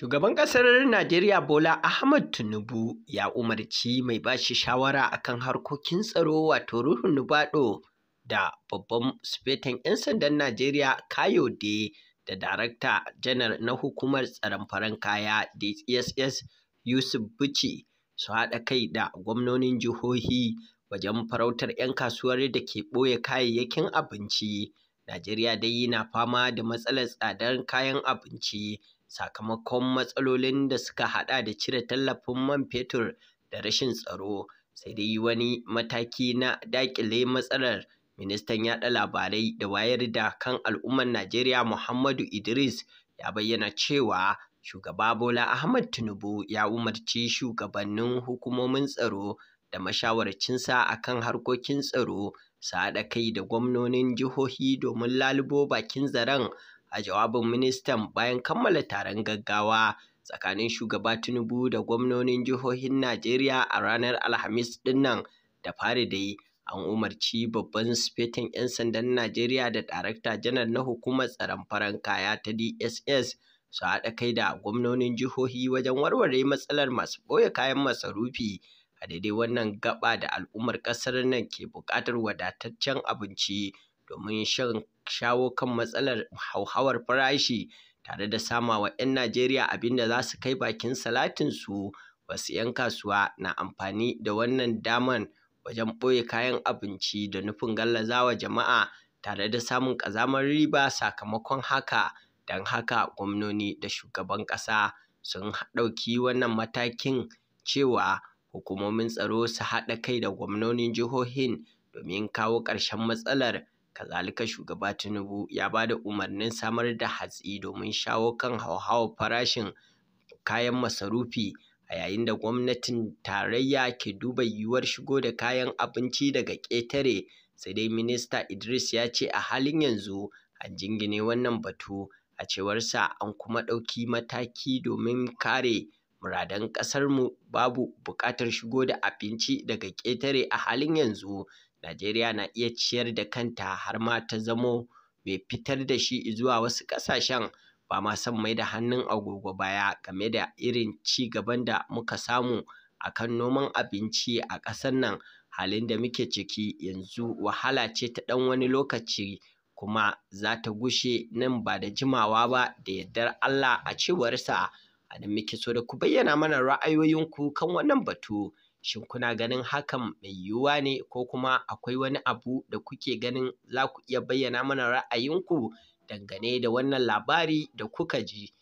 Shugaban ƙasar Najeriya Bola Ahmad Tinubu ya umarci mai bashi shawara a kan harkokin tsaro wato Ruhu Nubaɗo da babban sufetan 'yan sandan Najeriya Kayode da darakta janar na hukumar tsaron faran kaya DSS Yusuf Bichi su haɗa kai da gwamnonin jihohi wajen farautar 'yan kasuwar da ke ɓoye kayayyakin abinci. Najeriya dai na fama da matsalar tsadar kayan abinci sakamakon matsalolin da suka haɗa da cire tallafin man fetur da rashin tsaro sai dai wani mataki na daƙile matsalar ministan yaɗa labarai da wayar da kan al'ummar najeriya muhammadu idris ya bayyana cewa shugaba bola ahmad tinubu ya umarci shugabannin hukumomin tsaro da mashawarcinsa akan harkokin tsaro su haɗa kai da gwamnonin jihohi domin lalubo bakin zaren a jawabin ministan bayan kammala taron gaggawa tsakanin shugaba Tinubu da gwamnonin jihohin Najeriya a ranar Alhamis dinnan da fari dai an umarci babban sifetin 'yan sandan Najeriya da darakta janar na hukumar tsaron faran kaya ta DSS su haɗa kai da gwamnonin jihohi wajen warware matsalar masu ɓoye kayan masarufi a daidai wannan gaba da al'ummar ƙasar nan ke buƙatar wadataccen abinci domin shan shawo kan matsalar hauhawar farashi tare da sama wa 'yan Najeriya abin da za su kai bakin salatinsu wasu 'yan kasuwa na amfani da wannan daman wajen ɓoye kayan abinci da nufin gallazawa jama'a tare da samun ƙazamar riba sakamakon haka don haka gwamnoni da shugaban ƙasa sun ɗauki wannan matakin cewa hukumomin tsaro su haɗa kai da gwamnonin jihohin domin kawo ƙarshen matsalar kazalika shugaba tinubu ya ba da umarnin samar da hatsi domin shawo kan hauhawar farashin kayan masarufi a yayin da gwamnatin tarayya ke duba yiwuwar shigo da kayan abinci daga ƙetare sai dai minista idris ya ce a halin yanzu an jingine wannan batu a cewarsa an kuma ɗauki mataki domin kare muradan ƙasarmu babu buƙatar shigo da abinci daga ƙetare a halin yanzu Najeriya na iya ciyar da kanta har ma ta zamo mai fitar da shi zuwa wasu ƙasashen ba ma son mai da hannun agogo baya game da irin ci gaban da muka samu a kan noman abinci a ƙasar nan halin da muke ciki yanzu wahala ce ta ɗan wani lokaci kuma za ta gushe nan ba da jimawa ba da yardar Allah a cewarsa. a muke so da ku bayyana mana ra'ayoyinku kan wannan batu shin kuna ganin hakan mai yiwuwa ne ko kuma akwai wani abu da kuke ganin za ku iya bayyana mana ra'ayinku dangane da wannan labari da kuka ji